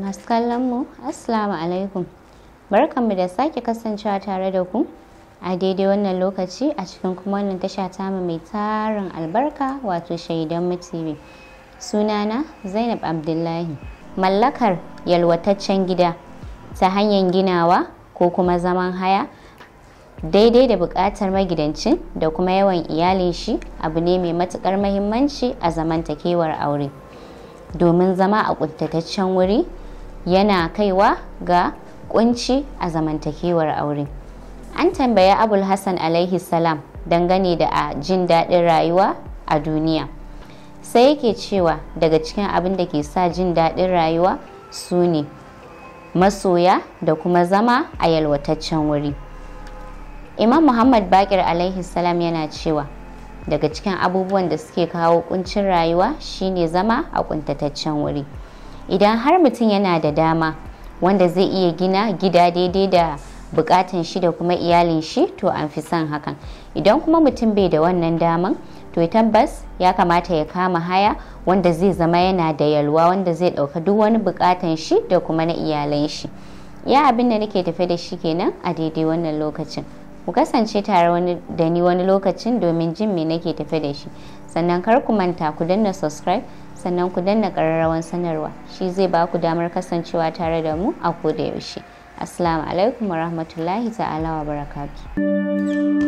masu kallon mu assalamu alaikum barkanmu da sake kasancewa tare da ku a daidai wannan lokaci a cikin kuma wannan tasha tamu mai tarin albarka wato shaidan mu tv sunana zainab abdullahi mallakar yalwataccen gida ta hanyar ginawa ko kuma zaman haya daidai da buƙatar magidancin da kuma yawan iyalin shi abu ne mai matuƙar mahimmanci a zamantakewar aure domin zama a ƙuntataccen wuri yana kaiwa ga kunci a zamantakewar aure an tambaya abul hassan alaihi salam dangane da a jin daɗin rayuwa a duniya sai yake cewa daga cikin abin da ke sa jin daɗin rayuwa su ne masoya da kuma zama a yalwataccen wuri imam muhammad bakir alaihi salam yana cewa daga cikin abubuwan da suke kawo kuncin rayuwa shine zama a kuntataccen wuri idan har mutum yana da dama wanda zai iya gina gida daidai da bukatan shi da kuma iyalin shi to an fi son hakan idan kuma mutum bai da wannan daman to tabbas ya kamata ya kama haya wanda zai zama yana da yalwa wanda zai dauka duk wani bukatan shi da kuma na iyalan shi ya abin da nake tafe da shi kenan a daidai wannan lokacin ku kasance tare da ni wani lokacin domin jin me nake tafe da shi sannan kar ku manta ku danna subscribe sannan ku danna ƙararrawan sanarwa shi zai ba ku damar kasancewa tare da mu a koda yaushe assalamu alaikum warahmatullahi ta'ala wa barakatuh